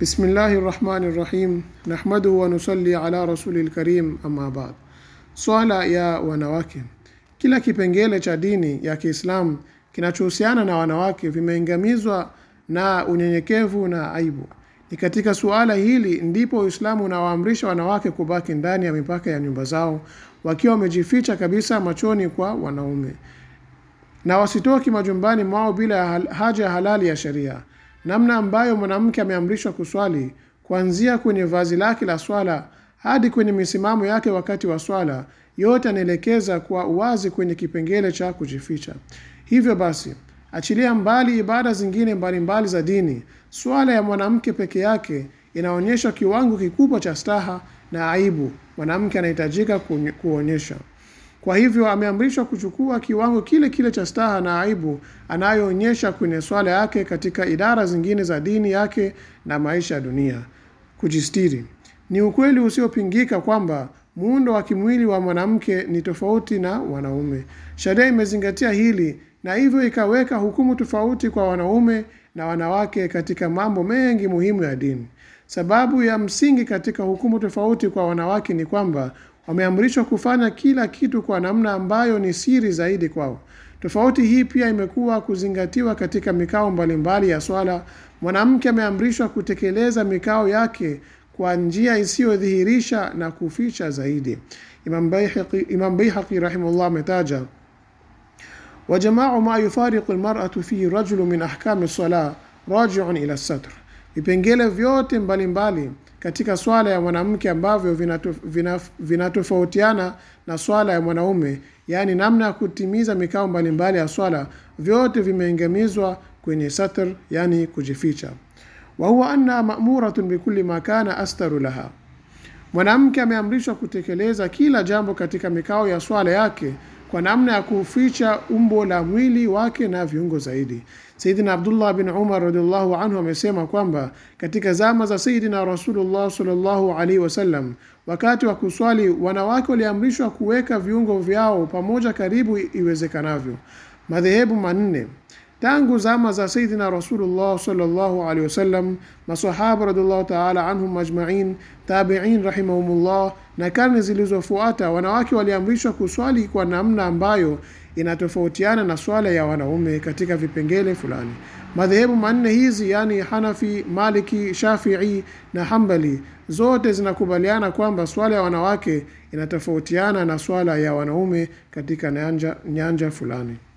Bismillahi rahmani rahim, nahmaduhu wanusali ala rasuli lkarim amma baad. Swala ya wanawake. Kila kipengele cha dini ya Kiislamu kinachohusiana na wanawake vimeingamizwa na unyenyekevu na aibu. Ni katika suala hili ndipo Uislamu unawaamrisha wanawake kubaki ndani ya mipaka ya nyumba zao wakiwa wamejificha kabisa machoni kwa wanaume na wasitoki majumbani mwao bila haja halali ya sheria namna ambayo mwanamke ameamrishwa kuswali kuanzia kwenye vazi lake la swala hadi kwenye misimamo yake wakati wa swala, yote anaelekeza kwa uwazi kwenye kipengele cha kujificha. Hivyo basi, achilia mbali ibada zingine mbalimbali za dini, swala ya mwanamke peke yake inaonyesha kiwango kikubwa cha staha na aibu mwanamke anahitajika kuonyesha. Kwa hivyo ameamrishwa kuchukua kiwango kile kile cha staha na aibu anayoonyesha kwenye swala yake katika idara zingine za dini yake na maisha ya dunia. Kujistiri ni ukweli usiopingika kwamba muundo wa kimwili wa mwanamke ni tofauti na wanaume. Sharia imezingatia hili na hivyo ikaweka hukumu tofauti kwa wanaume na wanawake katika mambo mengi muhimu ya dini. Sababu ya msingi katika hukumu tofauti kwa wanawake ni kwamba wameamrishwa kufanya kila kitu kwa namna ambayo ni siri zaidi kwao. Tofauti hii pia imekuwa kuzingatiwa katika mikao mbalimbali ya swala. Mwanamke ameamrishwa kutekeleza mikao yake kwa njia isiyodhihirisha na kuficha zaidi. Imam Baihaqi rahimahullah ametaja wajamau ma yufariqu lmaratu fihi rajulu min ahkami lsala rajiun ila satr Vipengele vyote mbalimbali mbali katika swala ya mwanamke ambavyo vinatofautiana na swala ya mwanaume, yaani namna ya kutimiza mikao mbalimbali ya swala, vyote vimeengemizwa kwenye satr, yaani kujificha. wa huwa anna ma'muratun bikulli ma kana astaru laha, mwanamke ameamrishwa kutekeleza kila jambo katika mikao ya swala yake kwa namna ya kuficha umbo la mwili wake na viungo zaidi. Sayidina Abdullah bin Umar radhiallahu anhu amesema kwamba katika zama za Sayidina Rasulullah sallallahu alaihi wasallam, wakati wa kuswali wanawake waliamrishwa kuweka viungo vyao pamoja karibu iwezekanavyo. Madhehebu manne tangu zama za Sayyidina Rasulullah sallallahu alaihi wasallam, masahaba radhiallahu taala anhum ajmain, tabiin rahimahumullah, na karne zilizofuata, wanawake waliamrishwa kuswali kwa namna ambayo inatofautiana na swala ya wanaume katika vipengele fulani. Madhehebu manne hizi yani Hanafi, Maliki, Shafii na Hambali zote zinakubaliana kwamba swala ya wanawake inatofautiana na swala ya wanaume katika nyanja, nyanja fulani.